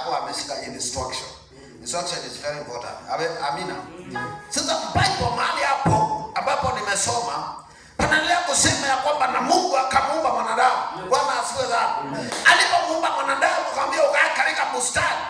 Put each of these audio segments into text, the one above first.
yako ameshika instruction. Instruction is very important. Abe, amina. Sasa Bible mahali hapo ambapo nimesoma panaendelea kusema ya kwamba na Mungu akamuumba mwanadamu. Bwana asifiwe sana. Alipomuumba mwanadamu akamwambia ukae katika bustani.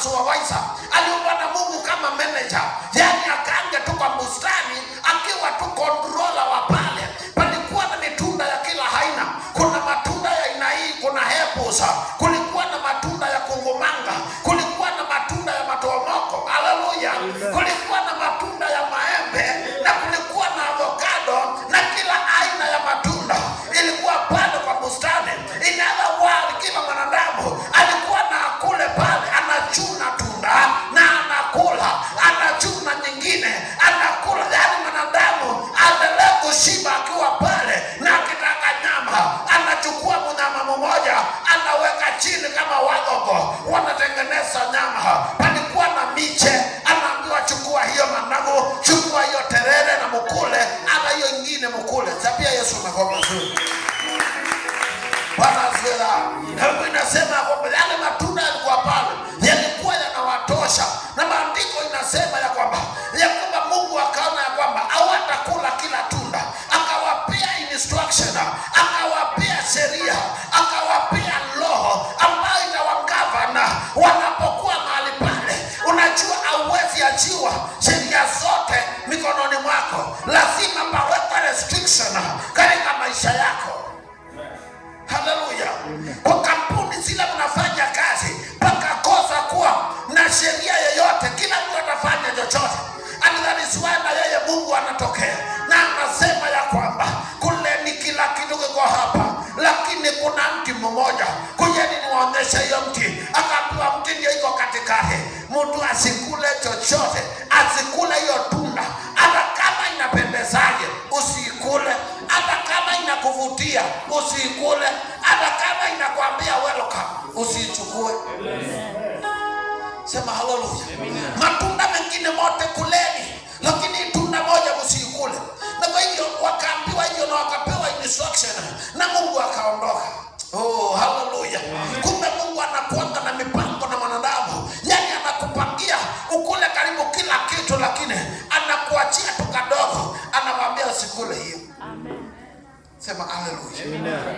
supervisor, aliomba na Mungu kama manager, yani akaanga tu kwa bustani akiwa tu controller Kwa kampuni zile mnafanya kazi, kosa kuwa na sheria yeyote, kila mtu atafanya chochote. Na yeye Mungu anatokea na anasema ya kwamba kuleni kila kitu kiko hapa, lakini kuna mti mmoja kujeni, niwaonyeshe hiyo mti. Akaambiwa mti ndio iko katikati, mtu asikule chochote, asikule hiyo tunda, hata kama inapendezaje usikule, hata kama inakuvutia usikule.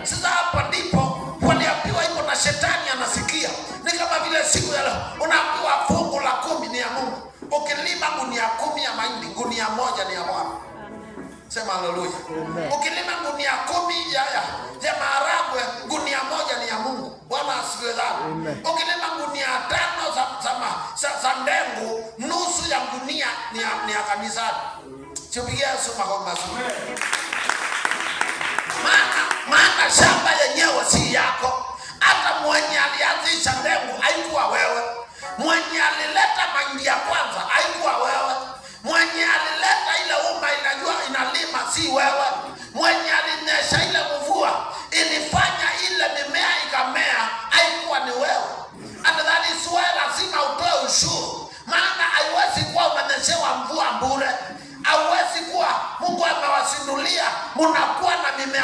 Sasa hapa ndipo waliambiwa iko na shetani anasikia. Ni kama vile siku ya leo unaambiwa fungu la kumi ni ya Mungu. Ukilima gunia kumi ya mahindi, gunia moja ni ya Bwana. Sema haleluya. Ukilima gunia kumi ya, ya, ya maharagwe, gunia moja ni ya Mungu. Bwana asifiwe sana. Ukilima gunia tano za, za, za, za ndengu, nusu ya gunia ni ya, ni ya kanisani. Tupigie Yesu makofi mazuri. Maana shamba yenyewe si yako. Hata mwenye alianzisha mbegu haikuwa wewe, mwenye alileta mahindi ya kwanza haikuwa wewe, mwenye alileta ile umba inajua inalima si wewe, mwenye alinyesha ile mvua ilifanya ile mimea ikamea haikuwa ni wewe. Hata that is lazima utoe ushuru, maana haiwezi kuwa umenyeshewa mvua bure, hauwezi kuwa Mungu amewasindulia munakuwa na mimea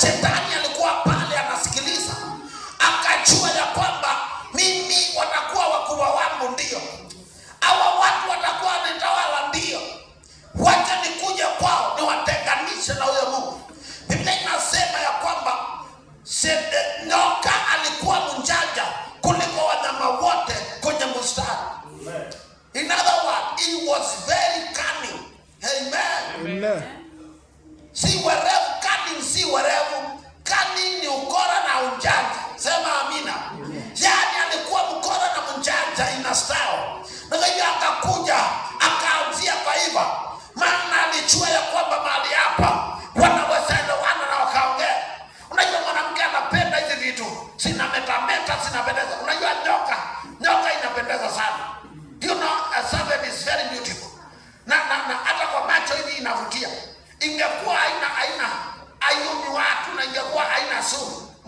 shetani alikuwa pale anasikiliza, akajua ya kwamba mimi watakuwa wakubwa wangu, ndio hawa watu watakuwa wanitawala, ndio wacha nikuja kwao niwatenganishe na huyo Mungu. Biblia inasema ya kwamba nyoka alikuwa mjanja kuliko wanyama wote kwenye mstari. In other words, he was very cunning. Amen. Amen.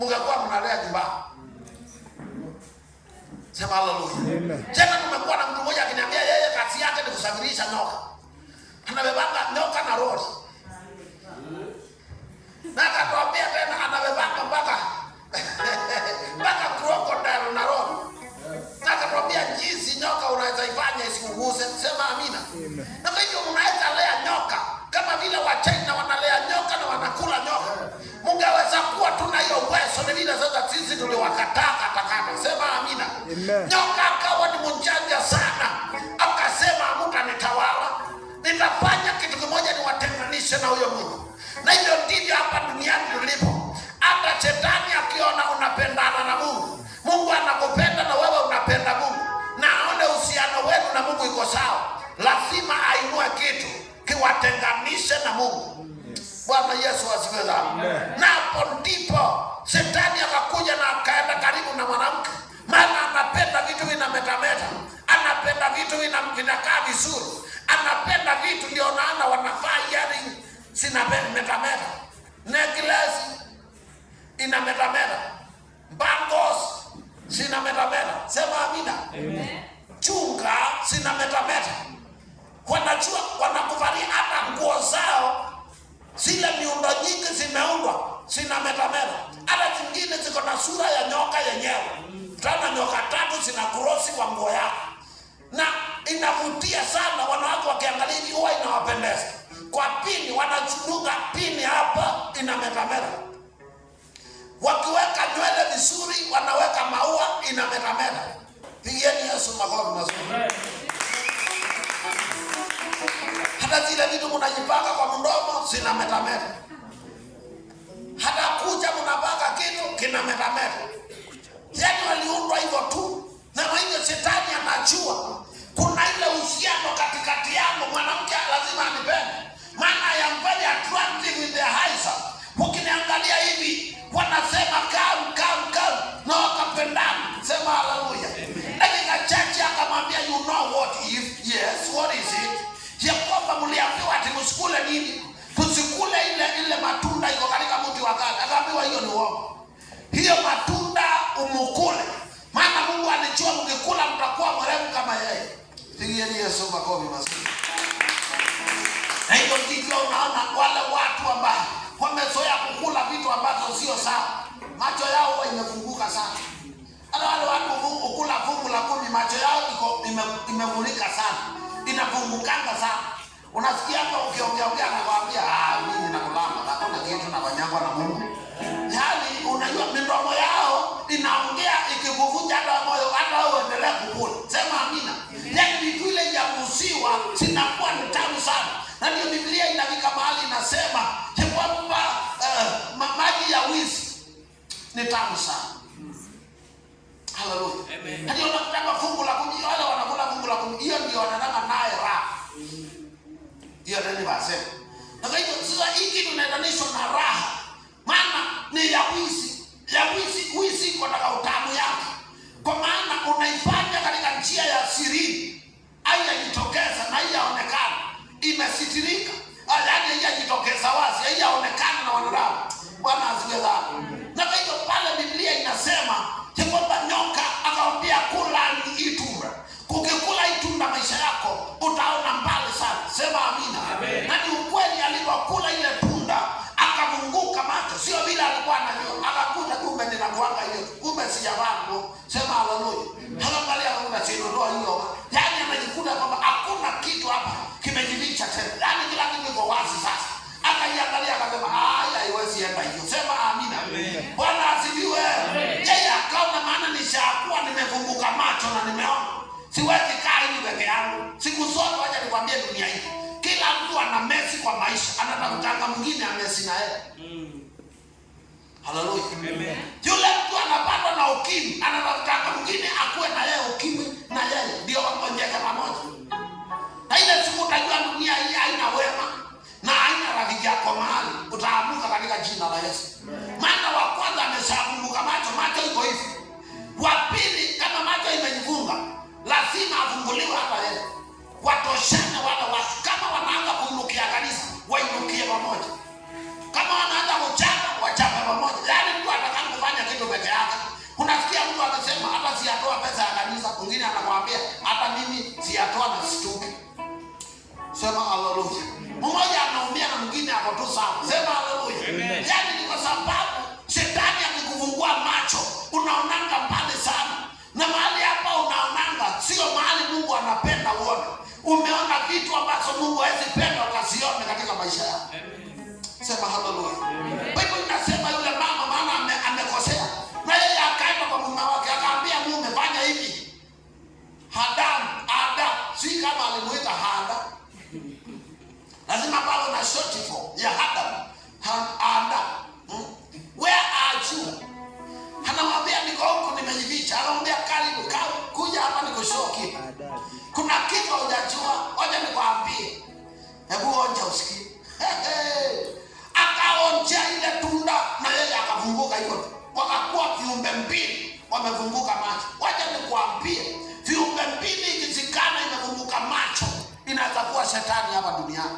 mungekuwa mnalea kibaa. Sema haleluya. Jana tumekuwa na mtu mmoja akiniambia yeye kazi yake ni kusafirisha nyoka. Anabebanga nyoka na roli Na akatuambia tena anabebanga mpaka mpaka crocodile na roli Na akatuambia jinsi nyoka unaweza ifanya isikuguse. Sema amina. Amen. Nyoka akawa ni mjanja sana, akasema hamutanitawala, nitafanya kitu kimoja, niwatenganishe na huyo Mungu. Na hivyo ndivyo hapa duniani tulipo. Hata shetani akiona unapendana na Mungu, Mungu anakupenda na wewe unapenda Mungu, na aone uhusiano wenu na Mungu iko sawa, lazima ainua kitu kiwatenganishe na Mungu. Bwana Yesu asifiwe. hapo ndipo vitu vinametameta, anapenda vitu vinakaa vizuri, anapenda vitu ndio naana wanafaa yari zinametameta, necklace inametameta, bangles zinametameta. Sema amina, amen. Chunga zina mnajipaka kwa mdomo, metameta. Hata kucha mnapaka kitu kina metameta. Yetu aliundwa hivyo tu, na kwa hivyo shetani anajua kuna ile uhusiano katikati yangu. Mwanamke lazima anipende, maana I am very attractive in the eyes. Ukiniangalia hivi wanasema come come come, na wakapendana. Sema haleluya. Dakika chache ni uongo. Hiyo matunda umukule, maana Mungu alijua ungekula mtakuwa mwerevu kama yeye. Pigieni Yesu makofi mazuri. Na hiyo ndivyo unaona wale watu ambao wamezoea kukula vitu ambazo sio sawa, macho yao imefunguka sana. Hata wale watu ukula fungu la kumi, macho yao iko imevulika sana, inafungukanga sana. Unasikia hata ukiongea ukiongea, anakuambia ah, mimi nakulamba, hakuna kitu na nafanyangwa na Mungu unajua midomo yao inaongea ikikuvuja hata moyo hata uendelee kukula. Sema amina. Yaani vitu ile vya kusiwa zinakuwa ni tamu sana, na ndio Biblia inafika mahali inasema ya kwamba uh, maji ya wizi ni tamu sana. Haleluya. ndio fungu la kumi, wale wanakula fungu la kumi, hiyo ndio wanataka naye raha. Hiyo ndio basi. Na kwa sasa hiki tunaendanishwa na raha maana ni ya wizi hii siku iko na utamu yake, kwa maana unaifanya katika njia ya siri, haijajitokeza na haijaonekana, imesitirika, ah, yaani haijajitokeza wazi, haijaonekana na wanadamu. Bwana asifiwe. Na kwa hiyo pale Biblia inasema kwamba nyoka macho na nimeona. Siwezi kaa hivi peke yangu. Siku zote waje nikwambie dunia hii. Kila mtu ana mesi kwa maisha, anataka mwingine amesi na yeye. Mm. Haleluya. Amen. Yule mtu anapatwa na ukimwi, anataka mwingine akuwe na yeye ukimwi na yeye ndio wakonjeke pamoja. Na ile siku utajua dunia hii haina wema na haina rafiki yako mahali, utaamuka katika jina la Yesu. Maana wa kwanza ameshafunguka macho, macho iko hivi. wanafunguliwa hapa leo, watoshane wale watu. Kama wanaanza kumrukia kanisa, wainukie pamoja. Kama wanaanza kuchapa, wachape pamoja. Yaani mtu anataka kufanya kitu peke yake. Unasikia mtu anasema hata siyatoa pesa ya kanisa, mwingine anakwambia hata mimi siyatoa na situki. Sema haleluya. Mmoja anaumia na mwingine ako tu sawa. Sema haleluya. Yaani ni kwa sababu shetani akikufungua macho unaonanga nilipenda ukazione katika maisha yako. Sema haleluya. Biblia nasema yule mama maana amekosea, na yeye akaenda kwa mume wake akaambia mume, fanya hivi. Hadam, ada, si kama alimuita hada. Lazima pawe na short form ya hadam. Hada. Hmm? Where are you? Anamwambia niko huko nimejificha. Anamwambia karibu, kuja hapa nikushoki. Kuna kitu hujajua, wacha nikwambie. Hebu onja usikie. Akaonja ile tunda na yeye akavunguka hivyo tu. Wakakuwa viumbe mbili wamevunguka macho. Wacha nikuambie, viumbe mbili ikizikana imevunguka macho, inaweza kuwa shetani hapa duniani.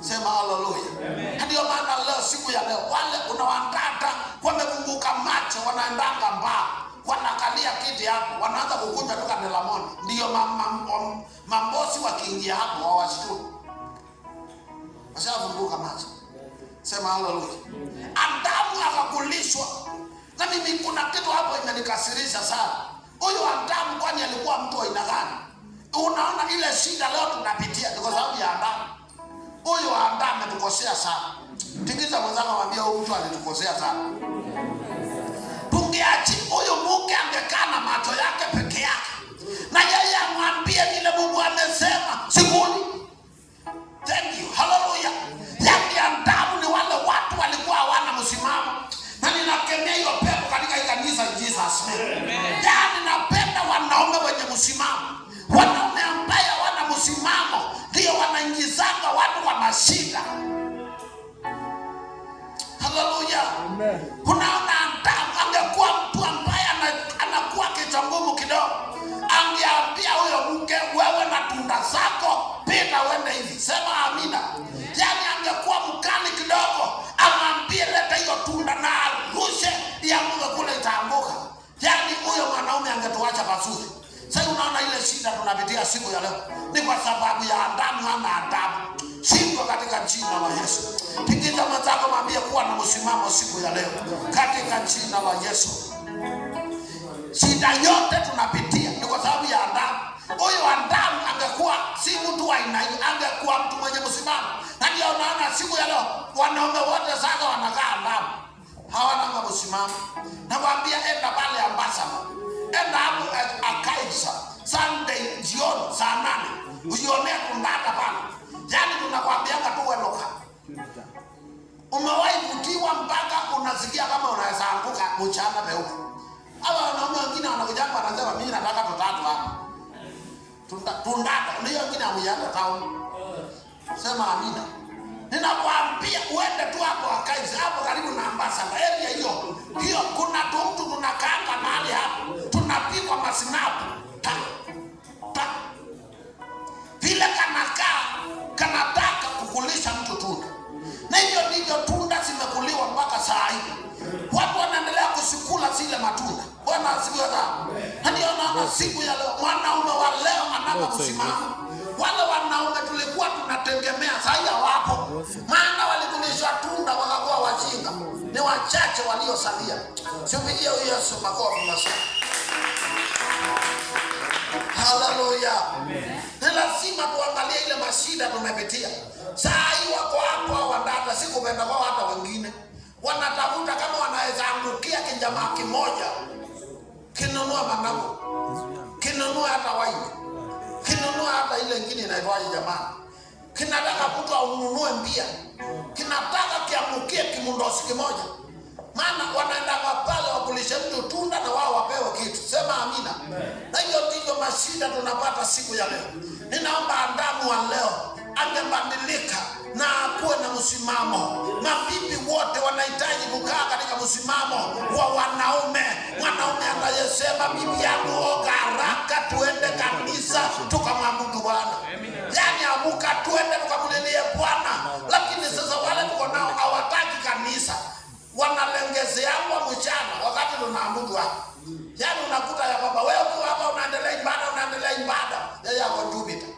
Sema haleluya. Ndio maana leo, siku ya leo, wale unawatata wamevunguka macho, wanaendanga mbaa wanakalia kiti hapo, wanaanza kukunja toka Delamoni. Ndiyo mambosi wakiingia hapo hawashturi ashafunguka macho, sema haleluya. Adamu akakulishwa, na mimi kuna kitu hapo imenikasirisha sana. Huyu Adamu kwani alikuwa mtu aina gani? Unaona ile shida leo tunapitia ni kwa sababu ya Adamu. Huyu Adamu ametukosea sana. Tingiza mwenzangu, mwambia huyu mtu alitukosea sana. Tungeachi huyu mke angekaa na macho yake peke yake, na yeye amwambie vile Mungu amesema. shida. Haleluya! Unaona, Adamu angekuwa mtu ambaye anakuwa kichwa ngumu kidogo, angeambia huyo mke, wewe na tunda zako, pita wende hivi. Sema amina. Yani angekuwa mkali kidogo, amwambie leta hiyo tunda na arushe ianguke kule, itaanguka. Yani huyo mwanaume angetuacha pazuri. Sasa unaona ile shida tunapitia siku ya leo ni kwa sababu ya Adamu ama Adamu kuchimba katika jina la Yesu. Pigiza mwenzako, mwambie kuwa na msimamo siku ya leo katika jina la Yesu. Shida yote tunapitia ni kwa sababu ya Adamu. Huyo Adamu angekuwa si mtu wa aina hii, angekuwa mtu mwenye msimamo. Na ndio unaona siku ya leo wanaume wote sasa wanakaa Adamu, hawana msimamo. Nakwambia, enda pale Ambasava, enda hapo Akaisa Sunday jioni saa nane ujionee kundata pale Yani tunakwambia tu wenoka. Umewahi kutiwa mpaka unasikia kama unaweza anguka mchana meupe. Hawa wanaume wengine wanakuja hapa wanasema mimi nataka tutatu hapa. Tunda tunda ndio wengine hamjanga tao. Sema amina. Ninakwambia uende tu hapo akaisi hapo karibu na ambasada area hiyo. Hiyo kuna mtu tunakaanga mahali hapo. Tunapikwa masinapu. Ta. Ta. Vile kana kanataka kukulisha mtu tunda, na hivyo ndivyo tunda zimekuliwa mpaka saa hii. Watu wanaendelea kusikula zile matunda. Bwana asifiwe sana. Na ndio naona siku ya leo mwanaume wa leo anataka kusimama. Wale wanaume tulikuwa tunategemea sasa wapo, maana walikulishwa tunda wakakuwa wajinga. Ni wachache waliosalia. Simpigie Yesu makofi mazuri. Haleluya. Ni lazima tuangalie ile mashida tumepitia. Saa hii wako hapo wadada, si kupenda kwao, hata wengine wanatafuta kama wanaweza angukia kijamaa kimoja kinunua managu, kinunua hata waini, kinunua hata ile ingine inaitwaje jamani, kinataka kuta ununue mbia, kinataka kiangukie kimundosi kimoja maana wanaendaka pale wakulisha mtu tunda na wao wapewe kitu. Sema amina. Na hiyo ndivyo mashida tunapata siku ya leo. Ninaomba Adamu wa leo angebadilika na akuwe na msimamo. Mabibi wote wanahitaji kukaa katika msimamo wa wanaume. Mwanaume anayesema bibi yangu oga haraka, tuende kanisa tukamwabudu Bwana, yaani amuka, tuende tukamlilie Bwana. Lakini sasa wale tuko nao hawataki kanisa wanalengezeana mchana wakati tunaamudu hapa. Mm. Yaani unakuta ya kwamba wewe ukiwa hapa unaendelea ibada, unaendelea ibada, yeye ako Jupiter.